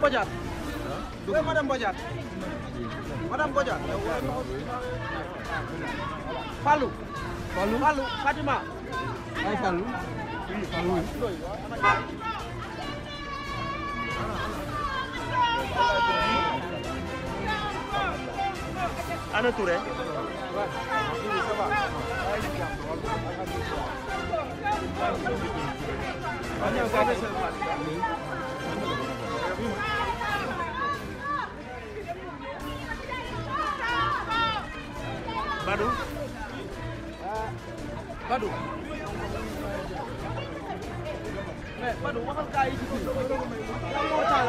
madame Bodiat. Où est madame Bodiat Madame Bodiat. Fallou. Fallou Fallou Fatima. ay Fallou. oui Fallou oui. Ana Touré. waaw. Eh? Badou Badou mais Badou waxal gaa yi ci lan moo taal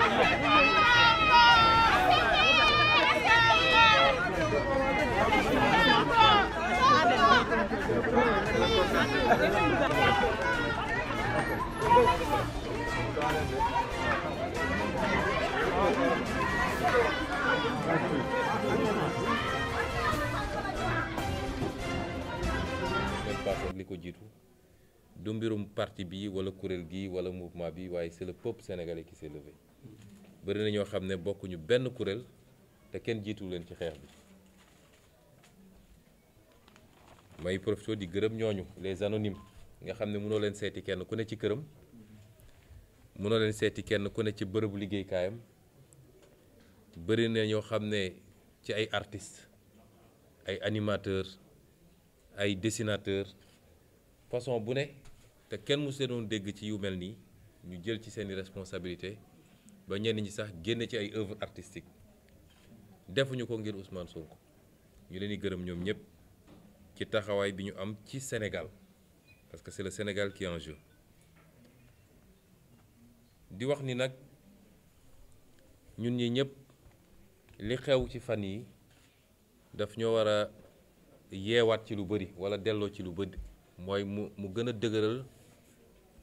li ko jiitu du mbirum parti bi wala kuréel gi wala mouvement bi waaye c'est le peuple sénégalais qui s'est levé bëri na ñoo xam ne bokkuñu benn kuréel te kenn jiitu leen ci xeex bi may profité di gërëm ñooñu les anonymes nga xam ne mënoo leen seeti kenn ku ne ci këram mënoo leen seeti kenn ku ne ci bërëbu liggéeykaayam bëri na ñoo xam ne ci ay artistes ay animateurs ay dessinateurs façon bu ne te kenn mu see dégg ci yu mel nii ñu jël ci seeni responsabilité ba ñenn ñi sax génn ci ay œuvres artistiques defuñu ko ngir Ousmane Sonko ñu leen di gërëm ñoom ñëpp ci taxawaay bi ñu am ci Sénégal parce que c'est le Sénégal qui est di wax ni nag ñun ñi ñëpp. li xew ci fan yi daf ñoo war a yeewaat ci lu bëri wala delloo ci lu bëri mooy mu mu gën a dëgëral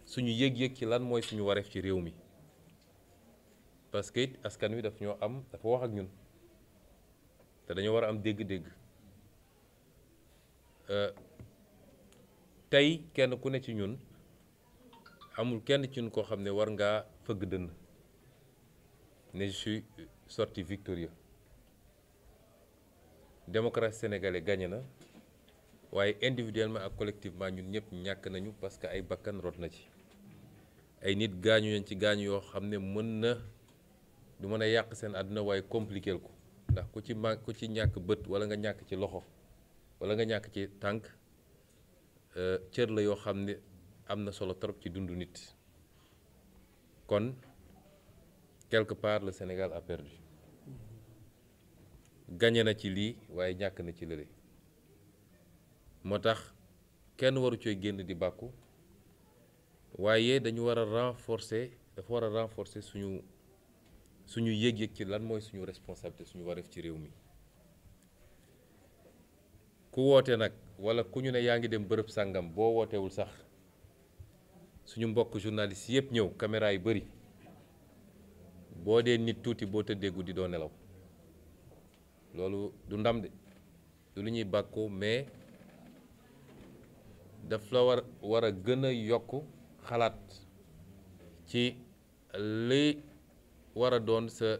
suñu yëg-yëg ci lan mooy suñu wareef ci réew mi parce que it askan wi daf ñoo am dafa wax ak ñun te dañoo war a am dégg-dégg euh, tey kenn ku ne ci ñun amul kenn ci ñun koo xam ne war ngaa fëgg dënn ne sorti victorieux démocratie sénégalaise gagné na waaye individuellement ak collectivement ñu ñëpp ñàkk nañu parce que ay bakkan rot na ci ay nit gaañu nañ ci gaañu yoo xam ne mën na du mën a yàq seen àdduna waaye compliqué ko ndax ku ci ma ku ci ñàkk bët wala nga ñàkk ci loxo wala nga ñàkk ci tànk euh, cër la yoo xam ne am na solo trop ci dundu nit kon quelque part le Sénégal a perdu. gañe na ci lii waaye ñàkk na ci lële moo tax kenn waru cooy génn di bàkku waaye dañu war a renforcer dafa war a renforcer suñu suñu yëg-yëg ci lan mooy suñu responsabilité suñu wareef ci réew mi ku woote nag walla ku ñu ne yaa ngi dem bërëb sàngam boo wootewul sax suñu mbokk journaliste yëpp ñëw caméra yi bari boo dee nit tuuti boo tëddee guddi doo nelaw loolu du ndam de du lu ñuy bàkkoo mais daf la war war a gën a yokk xalaat ci li war a doon sa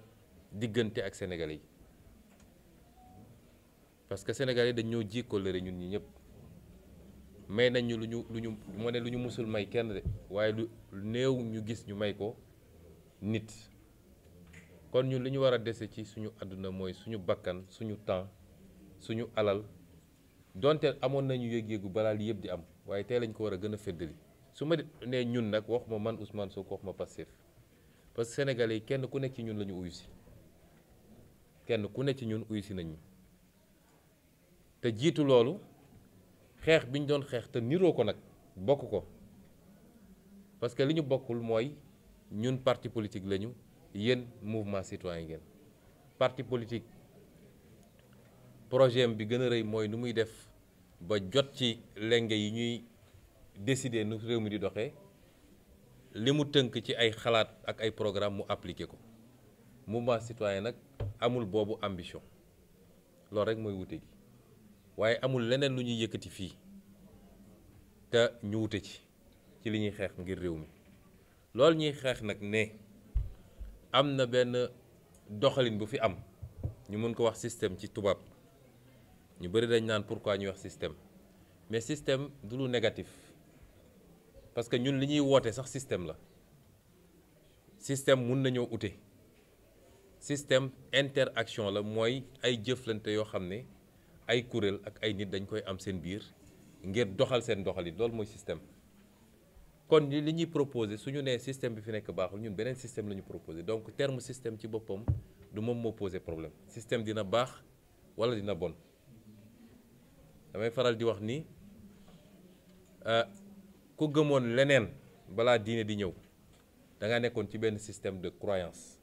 diggante ak Sénégalais yi parce que Sénégalais yi dañoo ji kóllëre ñun ñi ñëpp may nañ ñu lu ñu lu ñu moo ne lu ñu musul may kenn de waaye lu néew ñu gis ñu may ko nit kon ñun li ñu war a dese ci suñu àdduna mooy suñu bakkan suñu temps suñu alal donte amoon nañu yëg-yëgu balaa lii yëpp di am waaye tey lañ ko war a gën a feddali su ma nee ñun nag waxuma man Ousmane Sonko waxuma Pastef parce que sénégalais yi kenn ku nekk ci ñun lañu ñu kenn ku nekk ci ñun uyu si nañu te jiitu loolu xeex bi ñu doon xeex te niroo ko nag bokk ko parce que li ñu bokkul mooy ñun parti politique lañu. yéen mouvement citoyen ngeen parti politique projet bi gën a rëy mooy nu muy def ba jot ci lenge yi ñuy décider nu réew mi di doxe li mu tënk ci ay xalaat ak ay programme mu appliqué ko mouvement citoyen nag amul boobu ambition loolu rek mooy wute gi waaye amul leneen lu ñuy yëkkati fii te ñu wute ci ci li ñuy xeex ngir réew mi loolu ñuy xeex nag ne am na benn doxalin bu fi am ñu mën ko wax système ci tubaab ñu bëri dañ naan pourquoi ñuy wax système mais système du lu négatif parce que ñun li ñuy woote sax système la système mun nañoo ute système interaction la mooy ay jëflante yoo xam ne ay kuréel ak ay nit dañ koy am seen biir ngir doxal seen doxalin loolu mooy système kon li ñuy proposé suñu ñu nee système bi fi nekk baaxul ñun beneen système la ñu donc terme système ci boppam du moom moo posé problème système dina baax wala dina bon damay faral di wax ni euh, ku gëmoon leneen balaa diine di ñëw danga nekkoon ci benn système de croyance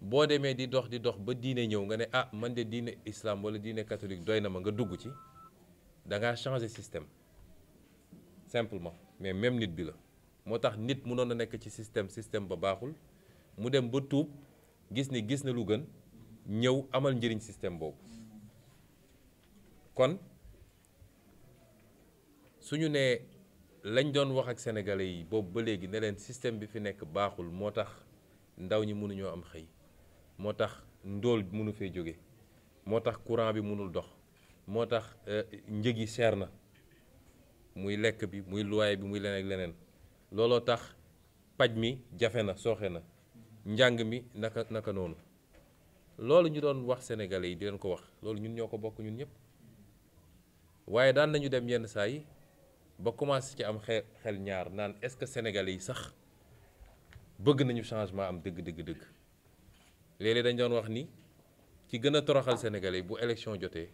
boo demee di dox di dox ba diine ñëw nga ne ah man de diine islam wala diine catholique doy na ma nga dugg ci da ngaa changer système simplement. mais même nit bi la moo tax nit mënoon a nekk ci système système ba baaxul mu dem ba tuub gis ni gis na lu gën ñëw amal njëriñ système boobu kon suñu nee lañ doon wax ak sénégalais yi boobu ba léegi ne leen système bi fi nekk baaxul moo tax ndaw ñi mënuñoo am xëy moo tax ndóol mënu fee jóge moo tax courant bi mënul dox moo tax euh, njëg yi cher na muy lekk bi muy loyer bi muy leneen leneen looloo tax paj mi jafe na sooxe na njàng mi naka naka noonu loolu ñu doon wax sénégalais yi di leen ko wax loolu ñun ñoo ko bokk ñun ñëpp waaye daan nañu dem yenn saa yi ba commencé ci am xel xel ñaar naan est-ce que sénégalais yi sax bëgg nañu changement am dëgg dëgg dëgg léeg-léeg dañ doon wax ni ci gën a toroxal sénégalais bu élection jotee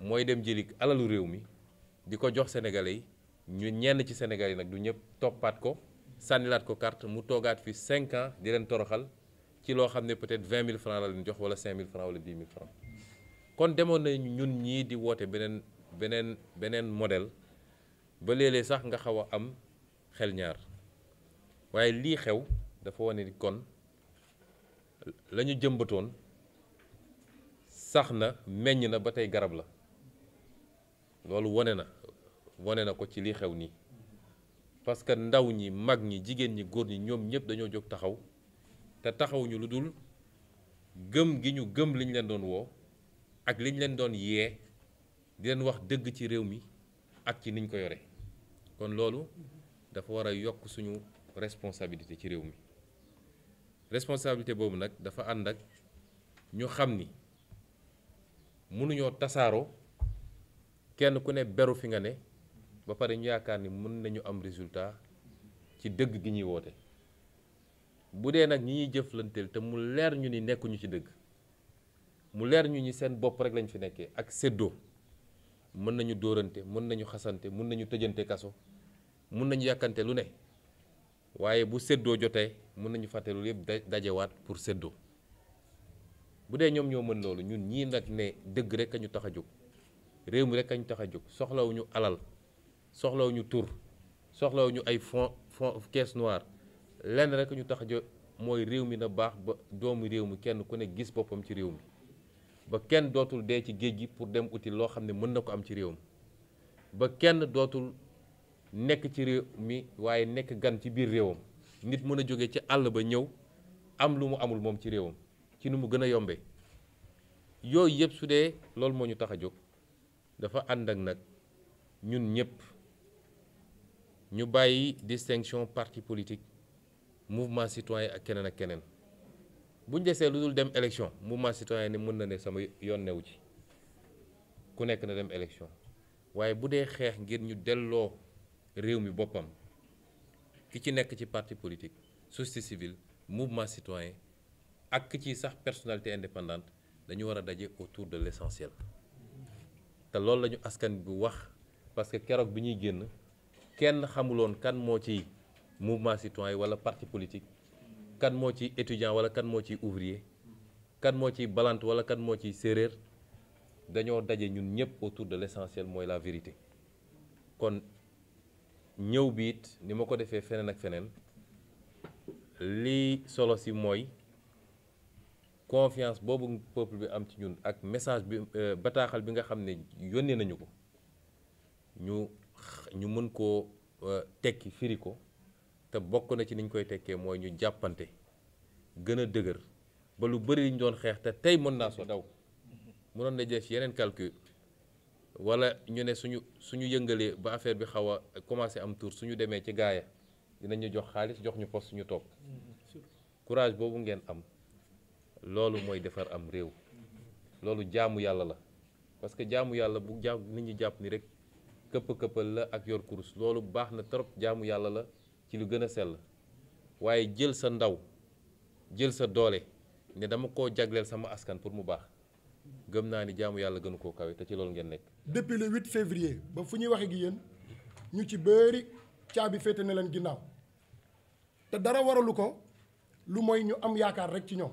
mooy dem jëli alalu réew mi. di ko jox sénégalais yi ñu ñenn ci sénégalais yi nag du ñëpp toppaat ko sànnilaat ko carte mu toogaat fi 5 di leen toroxal ci loo xam ne peut-être mille 000 francs la leen jox wala 5 000 francs wala 10 000 francs kon demoon nañu ñun ñii di woote beneen beneen beneen modèle ba léeg sax nga xaw a am xel ñaar waaye lii xew dafa wane kon la ñu jëmbatoon sax na meññ na ba tey garab la. loolu wane na wane na ko ci li xew nii parce que ndaw ñi mag ñi jigéen ñi góor ñi ñoom ñëpp dañoo jóg taxaw te taxawuñu lu dul gëm gi ñu gëm liñ leen doon woo ak liñ leen doon yee di leen wax dëgg ci réew mi ak ci niñ ko yore kon loolu dafa war a yokk suñu responsabilité ci réew mi responsabilité boobu nag dafa ànd ak ñu xam ni mënuñoo tasaaroo kenn ku ne beru fi nga ne ba pare ñu yaakaar ni mën nañu am résultat ci dëgg gi ñuy woote bu dee nag ñi ñuy jëflanteel te mu leer ñu ni nekkuñu ci dëgg mu leer ñu ni seen bopp rek lañ fi nekkee ak séddoo mën nañu dóorante mën nañu xasante mën nañu tëjante kaso mën nañu yàkkante lu ne waaye bu séddoo jotee mën nañu fàtte loolu yëpp dajewaat pour séddoo bu dee ñoom ñoo mën loolu ñun ñii nag ne dëgg rek a ñu tax a jóg. réew mi rek kañ tax a jóg soxlawuñu alal soxlawuñu tur soxlawuñu ay fon fond caisse noire lenn rek ñu tax a jóg mooy réew mi na baax ba doomu réew mi kenn ku ne gis boppam ci réew mi ba kenn dootul dee ci géej gi pour dem uti loo xam ne mën na ko am ci réew ba kenn dootul nekk ci réew mi waaye nekk gan ci biir réewam nit mën a jóge ca àll ba ñëw am lu mu amul moom ci réewam ci ni mu gën a yombee yooyu yëpp su dee loolu moo ñu tax a jóg dafa ànd ak nag ñun ñëpp ñu bàyyi distinction parti politique mouvement citoyen ak keneen ak keneen bu desee lu dul dem élection mouvement citoyen ni mën na ne sama yoon newu ci ku nekk na dem élection waaye bu dee xeex ngir ñu delloo réew mi boppam ki ci nekk ci parti politique société civile mouvement citoyen ak ci sax personnalité indépendante dañu war a daje autour de l'essentiel te loolu la askan bi wax parce que keroog bi ñuy génn kenn xamuloon kan moo ci mouvement citoyen yi wala parti politique kan moo ci étudiant wala kan moo ci ouvrier kan moo ci balant wala kan moo ci séeréer dañoo daje ñun ñëpp autour de l'essentiel mooy la vérité kon ñëw biit ni ma ko defee feneen ak feneen lii solo si mooy confiance boobu peuple bi am ci ñun ak message bi euh, bataaxal bi nga xam ne yónnee nañu ko ñu ñu mën koo euh, tekki firi ko te bokk na ci niñ koy tekkee mooy ñu jàppante gën a dëgër ba lu bëri ñu doon xeex te tey mën naa soo daw mënoon na si yeneen calcul wala ñu ne suñu suñu yëngalee ba affaire bi xaw a commencé am tour suñu demee ci gaaya dinañu jox xaalis jox ñu poste suñu toog mm-hmm. courage boobu ngeen am loolu mooy defar am réew loolu jaamu yàlla la parce que jaamu yàlla bu jaam nit ñi jàpp ni rek këpp-këppal la ak yor kurus loolu baax na trop jaamu yàlla la ci lu gën a sell waaye jël sa ndaw jël sa doole ne dama koo jagleel sama askan pour mu baax gëm naa ni jaamu yàlla gënu koo kawe te ci loolu ngeen nekk. depuis le 8 février ba fu ñuy waxee gi yéen ñu ci bëri caabi féete ne leen ginnaaw te dara waralu ko lu mooy ñu am yaakaar rek ci ñoom.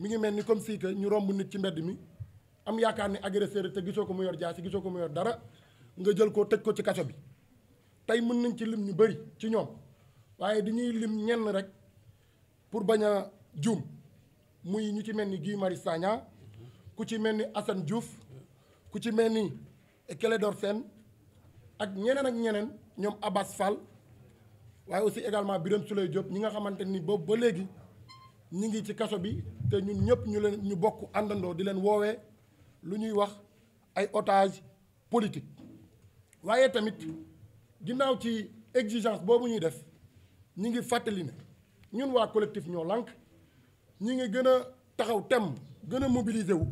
mi ngi mel ni comme si ñu romb nit ci mbedd mi am yaakaar ni agresseur te gisoo ko mu yor jaasi gisoo ko mu dara nga jël ko tëj ko ci kaso bi tey mën nañ ci lim ñu bëri ci ñoom waaye dañuy lim ñenn rek pour bañ a juum muy ñu ci mel ni Guy Marius Sagna ku ci mel ni Assane Diouf ku ci mel ni Clédor Sène ak ñeneen ak ñeneen ñoom Abbas Fall waaye aussi également Birame lay Diop ñi nga xamante ni boobu ba léegi ñi ngi ci kaso bi te ñun ñëpp ñu leen ñu bokk àndandoo di leen woowee lu ñuy wax ay otage politique waaye tamit ginnaaw ci exigence boobu ñuy def ñi ngi fàttali ne ñun waa collectif ñoo lànk ñi ngi gën a taxaw tem gën a mobiliser wu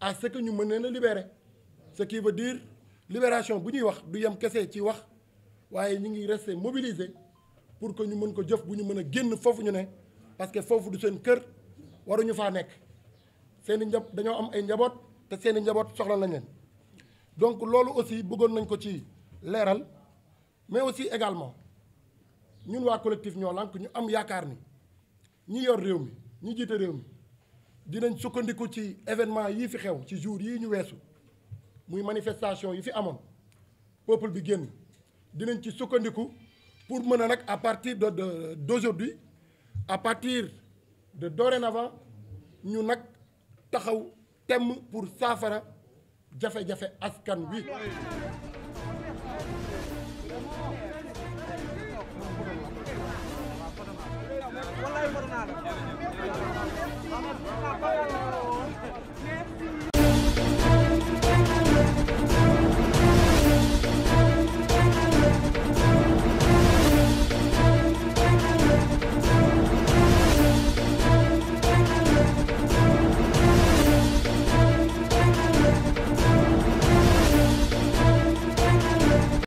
à que ñu mën leen a libérer ce qui veut dire libération bu ñuy wax du yem kese ci wax waaye ñi ngi rester mobiliser pour que ñu mën ko jëf bu ñu mën a génn foofu ñu ne parce que foofu du seen kër waruñu faa nekk seen i njab dañoo am ay njaboot te seen i njaboot soxla nañ leen donc loolu aussi bëggoon nañ ko ci leeral mais aussi également ñun waa collectif ñoo lànk ñu am yaakaar ni ñi yor réew mi ñi jiite réew mi dinañ sukkandiku ci événement yii fi xew ci jour yii ñu weesu muy manifestation yi fi amoon peuple bi génn dinañ ci sukkandiku pour mën a nag à partir de d'aujourd'hui à partir de dorénavant ñu nag taxaw temm pour saafara jafe-jafe askan wi